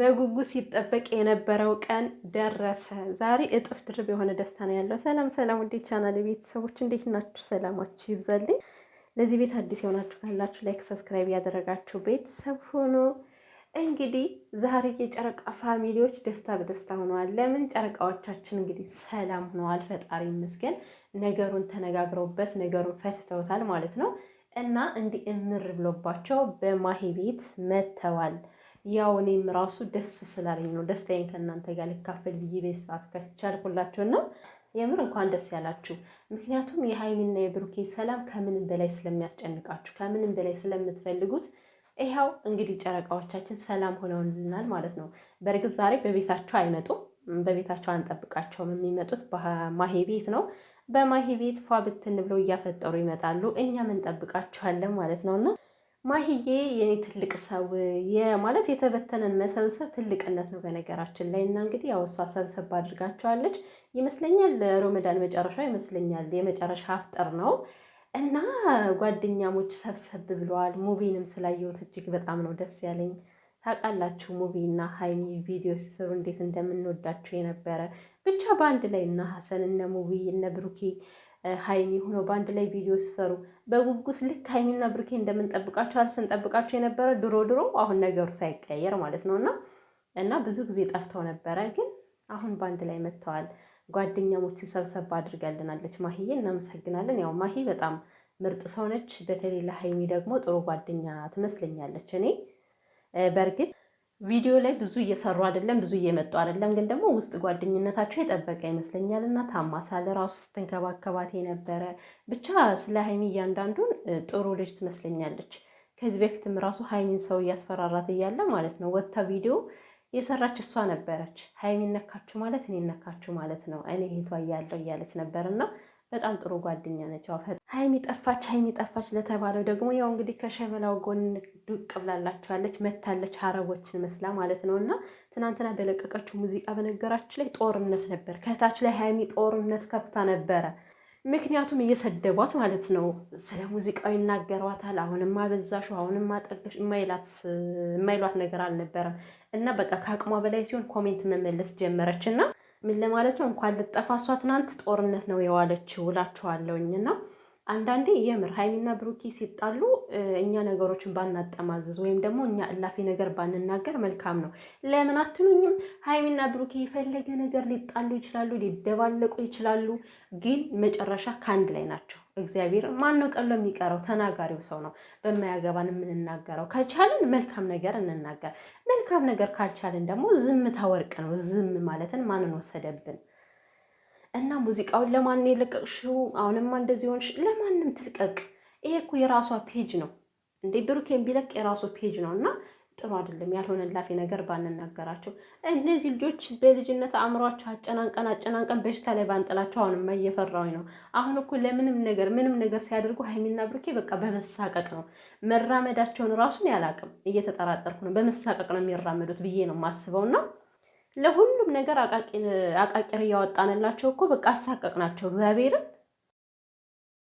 በጉጉት ሲጠበቅ የነበረው ቀን ደረሰ። ዛሬ እጥፍ ድርብ የሆነ ደስታ ነው ያለው። ሰላም ሰላም፣ እንዴት ቻናል ቤተሰቦች እንዴት ናችሁ? ሰላማችሁ ይብዛልኝ። ለዚህ ቤት አዲስ የሆናችሁ ካላችሁ ላይክ፣ ሰብስክራይብ ያደረጋችሁ ቤተሰብ ሆኖ እንግዲህ ዛሬ የጨረቃ ፋሚሊዎች ደስታ በደስታ ሆነዋል። ለምን ጨረቃዎቻችን እንግዲህ ሰላም ሆነዋል። ፈጣሪ ይመስገን። ነገሩን ተነጋግረውበት ነገሩን ፈትተውታል ማለት ነው እና እንዲህ እምር ብሎባቸው በማሄ ቤት መጥተዋል። ያው እኔም ራሱ ደስ ስላለኝ ነው ደስታዬን ከእናንተ ጋር ልካፈል ብዬ ቤት ሰዓት ከቻልኩላችሁ እና የምር እንኳን ደስ ያላችሁ። ምክንያቱም የሀይሚና የብሩኬ ሰላም ከምንም በላይ ስለሚያስጨንቃችሁ ከምንም በላይ ስለምትፈልጉት ይኸው እንግዲህ ጨረቃዎቻችን ሰላም ሆነውልናል ማለት ነው። በእርግጥ ዛሬ በቤታቸው አይመጡም፣ በቤታቸው አንጠብቃቸውም። የሚመጡት በማሄ ቤት ነው። በማሄ ቤት ፏ ብትን ብለው እያፈጠሩ ይመጣሉ። እኛም እንጠብቃቸዋለን ማለት ነው እና ማህዬ የኔ ትልቅ ሰው ማለት የተበተነን መሰብሰብ ትልቅነት ነው በነገራችን ላይ እና እንግዲህ ያው እሷ ሰብሰብ አድርጋቸዋለች ይመስለኛል። ለሮመዳን መጨረሻ ይመስለኛል የመጨረሻ አፍጠር ነው እና ጓደኛሞች ሰብሰብ ብለዋል። ሙቪንም ስላየሁት እጅግ በጣም ነው ደስ ያለኝ። ታውቃላችሁ ሙቪ እና ሀይሚ ቪዲዮ ሲሰሩ እንዴት እንደምንወዳቸው የነበረ ብቻ በአንድ ላይ እና ሀሰን እነ ሙቪ እነ ብሩኪ ሀይሚ ሆነው በአንድ ላይ ቪዲዮ ሲሰሩ በጉጉት ልክ ሀይሚና ብሩኬ እንደምንጠብቃቸው ስንጠብቃቸው የነበረ ድሮ ድሮ አሁን ነገሩ ሳይቀየር ማለት ነው እና እና ብዙ ጊዜ ጠፍተው ነበረ፣ ግን አሁን በአንድ ላይ መጥተዋል። ጓደኛሞችን ሰብሰብ አድርጋልናለች ማሂዬ፣ እናመሰግናለን። ያው ማሂ በጣም ምርጥ ሰው ነች። በተለይ ለሀይሚ ደግሞ ጥሩ ጓደኛ ትመስለኛለች። እኔ በእርግጥ ቪዲዮ ላይ ብዙ እየሰሩ አይደለም፣ ብዙ እየመጡ አይደለም። ግን ደግሞ ውስጥ ጓደኝነታቸው የጠበቀ ይመስለኛል እና ታማ ራሱ ስትንከባከባት የነበረ ብቻ ስለ ሀይሚ እያንዳንዱን ጥሩ ልጅ ትመስለኛለች። ከዚህ በፊትም ራሱ ሀይሚን ሰው እያስፈራራት እያለ ማለት ነው ወጥታ ቪዲዮ የሰራች እሷ ነበረች። ሀይሚን ነካችሁ ማለት እኔ ነካችሁ ማለት ነው እኔ ሄቷ እያለው እያለች ነበር እና በጣም ጥሩ ጓደኛ ነች። ሀይሚ ጠፋች፣ ሀይሚ ጠፋች ለተባለው ደግሞ ያው እንግዲህ ከሸበላው ጎን ዱቅ ብላላቸዋለች፣ መታለች፣ ሀረቦችን መስላ ማለት ነው። እና ትናንትና በለቀቀችው ሙዚቃ በነገራችን ላይ ጦርነት ነበር። ከታች ላይ ሀይሚ ጦርነት ከፍታ ነበረ። ምክንያቱም እየሰደቧት ማለት ነው። ስለ ሙዚቃው ይናገሯታል። አሁንም አበዛሹ፣ አሁንም አጠበሽ የማይሏት ነገር አልነበረም። እና በቃ ከአቅሟ በላይ ሲሆን ኮሜንት መመለስ ጀመረች እና ምን ለማለት ነው እንኳን ልጠፋ እሷ ትናንት ጦርነት ነው የዋለችው እላችኋለሁኝ እና አንዳንዴ የምር ሀይሚና ብሩኬ ሲጣሉ እኛ ነገሮችን ባናጠማዘዝ ወይም ደግሞ እኛ እላፊ ነገር ባንናገር መልካም ነው። ለምን አትሉኝም? ሀይሚና ብሩኬ የፈለገ ነገር ሊጣሉ ይችላሉ፣ ሊደባለቁ ይችላሉ፣ ግን መጨረሻ ከአንድ ላይ ናቸው። እግዚአብሔር ማን ነው ቀሎ የሚቀረው? ተናጋሪው ሰው ነው በማያገባን የምንናገረው። ከቻልን መልካም ነገር እንናገር። መልካም ነገር ካልቻልን ደግሞ ዝምታ ወርቅ ነው። ዝም ማለትን ማንን ወሰደብን? እና ሙዚቃውን ለማን የለቀቅሽው? አሁንማ እንደዚህ ሆንሽ። ለማንም ትልቀቅ። ይሄ እኮ የራሷ ፔጅ ነው እንዴ ብሩኬን ቢለቅ የራሱ ፔጅ ነው እና ጥሩ አይደለም። ያልሆነ ላፊ ነገር ባንናገራቸው። እነዚህ ልጆች በልጅነት አእምሯቸው አጨናንቀን አጨናንቀን በሽታ ላይ ባንጥላቸው። አሁንማ እየፈራሁኝ ነው። አሁን እኮ ለምንም ነገር ምንም ነገር ሲያደርጉ ሀይሚና ብሩኬ በቃ በመሳቀቅ ነው መራመዳቸውን። ራሱን ያላቅም እየተጠራጠርኩ ነው። በመሳቀቅ ነው የሚራመዱት ብዬ ነው የማስበውና ለሁሉም ነገር አቃቂር እያወጣንላቸው እኮ በቃ አሳቀቅናቸው እግዚአብሔርን